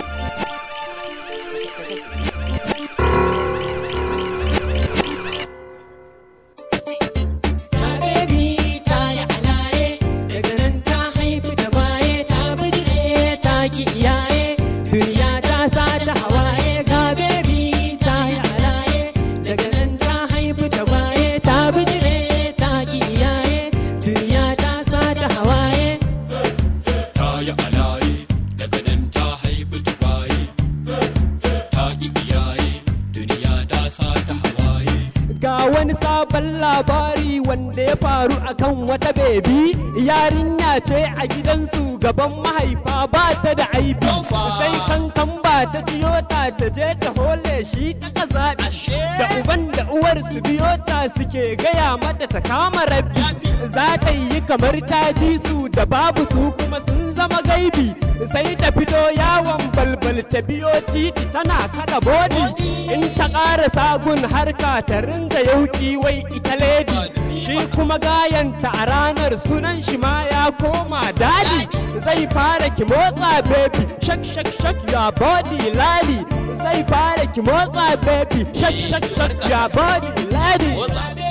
Thank you. A wani sabon labari wanda ya faru akan wata bebi yarinya ce a gidansu gaban mahaifa ba ta da aibi sai kankan ba ta jiyo ta ta je ta hole shi ta zaɓi da uban da uwar su biyo ta suke gaya mata ta kama rabbi za ta yi kamar ta ji su da babu su kuma sun zama gaibi sai ta fito yawon balbal ta biyo titi tana kada bodi in ta ƙara sagun harka ta ringa yauki wai ita ledi shi kuma gayanta a ranar sunan shi ma ya koma dadi zai fara ki motsa baby shak shak shak ya body lali zai fara ki motsa baby shak shak shak ya body lali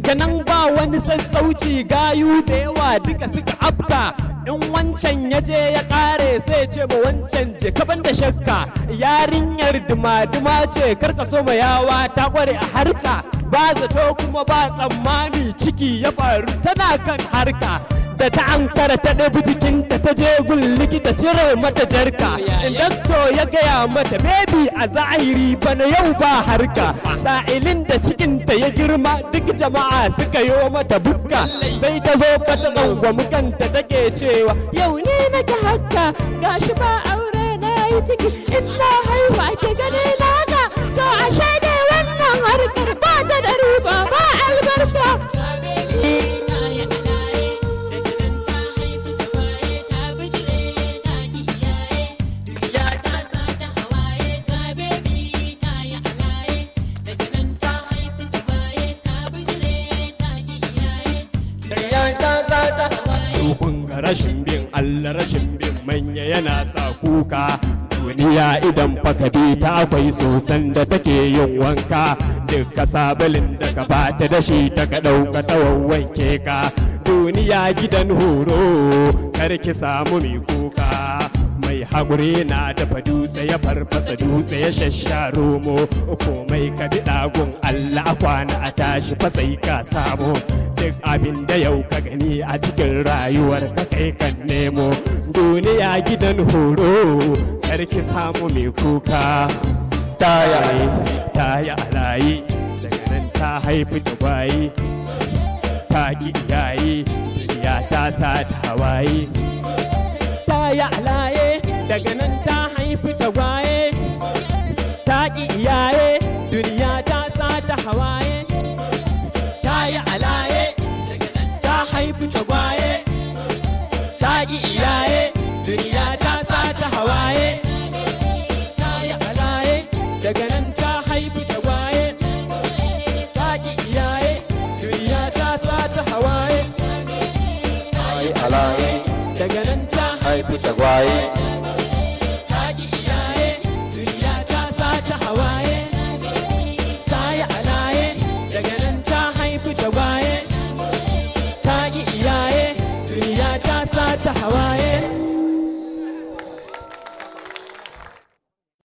daga nan ba wani sassauci gayu da yawa duka suka afka in wancan ya je ya kare sai ce ma wancan je kaban da shakka yarinyar duma-duma ce karka so ma yawa ta kware a harka ba zato kuma ba tsammani ciki ya faru tana kan harka da ta kara ta ɗabi jikinta ta je gun likita cire mata jarka dakto ya gaya mata bebi a zahiri bana yau ba harka sa'ilin da cikinta ya girma duk jama'a suka yi mata bukka sai ta zo fata tsangwami kanta take cewa yau ne nake hakka gashi ba aure na yi ciki in na haihu ake gani yau rashin bin Allah rashin bin manya yana sa kuka duniya idan baka bi ta akwai sosan da take yin wanka duk sabulin da ka bata da shi ta ka ɗauka ta wawwanke ka duniya gidan horo kar ki samu mai kuka hakuri na dafa dutse ya farfasa dutse ya shashsha romo komai ka bi ɗagun Allah a kwana a tashi fasai ka samu duk abin da yau ka gani a cikin rayuwar ka kai kan nemo duniya gidan horo karki samu mai kuka taya taya alayi daga nan ta haifi da bayi ta ki ta sa ta taya alayi daga nan ta haifi tagwaye ta ƙi iyaye duniya ta sa ta hawaye ta yi alaye ta haifi tagwaye ta ƙi iyaye duniya ta sa ta hawaye ta yi alaye daga nan ta haifi tagwaye ta ƙi iyaye duniya ta sa ta hawaye ta yi alaye daga nan ta haifi tagwaye